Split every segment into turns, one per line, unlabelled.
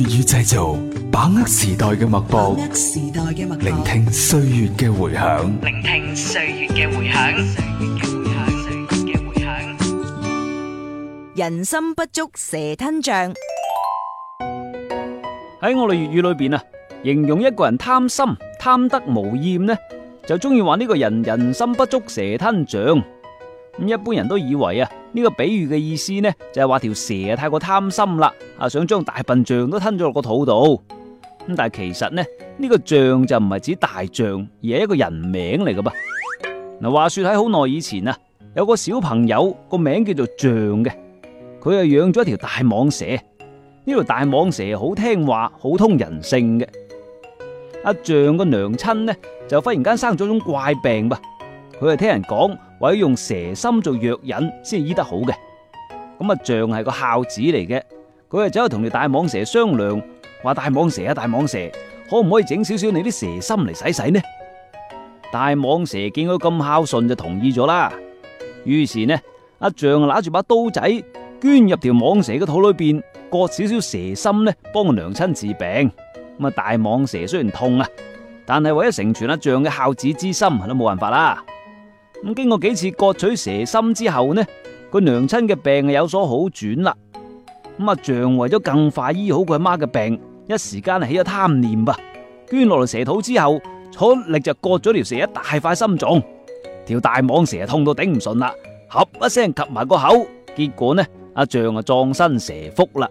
粵語製造，把握時代嘅脈搏，
聆聽歲月嘅回響。聆聽歲月嘅回響。
人心不足蛇吞象。
喺我哋粵語裏邊啊，形容一個人貪心、貪得無厭咧，就中意話呢個人人心不足蛇吞象。咁一般人都以為啊。呢個比喻嘅意思呢，就係話條蛇太過貪心啦，啊想將大笨象都吞咗落個肚度。咁但係其實呢，呢個象就唔係指大象，而係一個人名嚟噶噃。嗱，話說喺好耐以前啊，有個小朋友個名叫做象嘅，佢啊養咗一條大蟒蛇。呢條大蟒蛇好聽話，好通人性嘅。阿象個娘親呢就忽然間生咗種怪病噃，佢啊聽人講。唯有用蛇心做藥引先醫得好嘅，咁啊，象係個孝子嚟嘅，佢係走去同條大蟒蛇商量，話大蟒蛇啊，大蟒蛇，可唔可以整少少你啲蛇心嚟洗洗呢？大蟒蛇見到咁孝順就同意咗啦。於是呢，阿、啊、象攞住把刀仔，捐入條蟒蛇嘅肚裏邊，割少少蛇心呢，幫個娘親治病。咁啊，大蟒蛇雖然痛啊，但係為咗成全阿、啊、象嘅孝子之心，係都冇辦法啦。咁經過幾次割取蛇心之後呢，個娘親嘅病係有所好轉啦。咁阿象為咗更快醫好佢阿媽嘅病，一時間起咗貪念噃，捐落嚟蛇肚之後，出力就割咗條蛇一大塊心臟，條大蟒蛇痛到頂唔順啦，合一聲及埋個口，結果呢，阿象啊葬身蛇腹啦。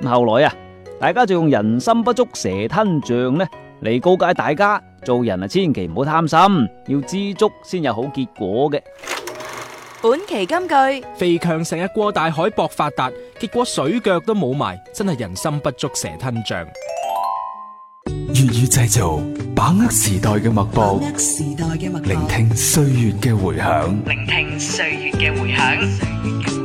咁後來啊，大家就用人心不足蛇吞象呢。嚟告誡大家，做人啊，千祈唔好貪心，要知足先有好結果嘅。
本期金句：肥強成日過大海搏發達，結果水腳都冇埋，真係人心不足蛇吞象。粵語製造，把握時代嘅脈搏，聆聽歲月嘅回響。
聆聽歲月嘅回響。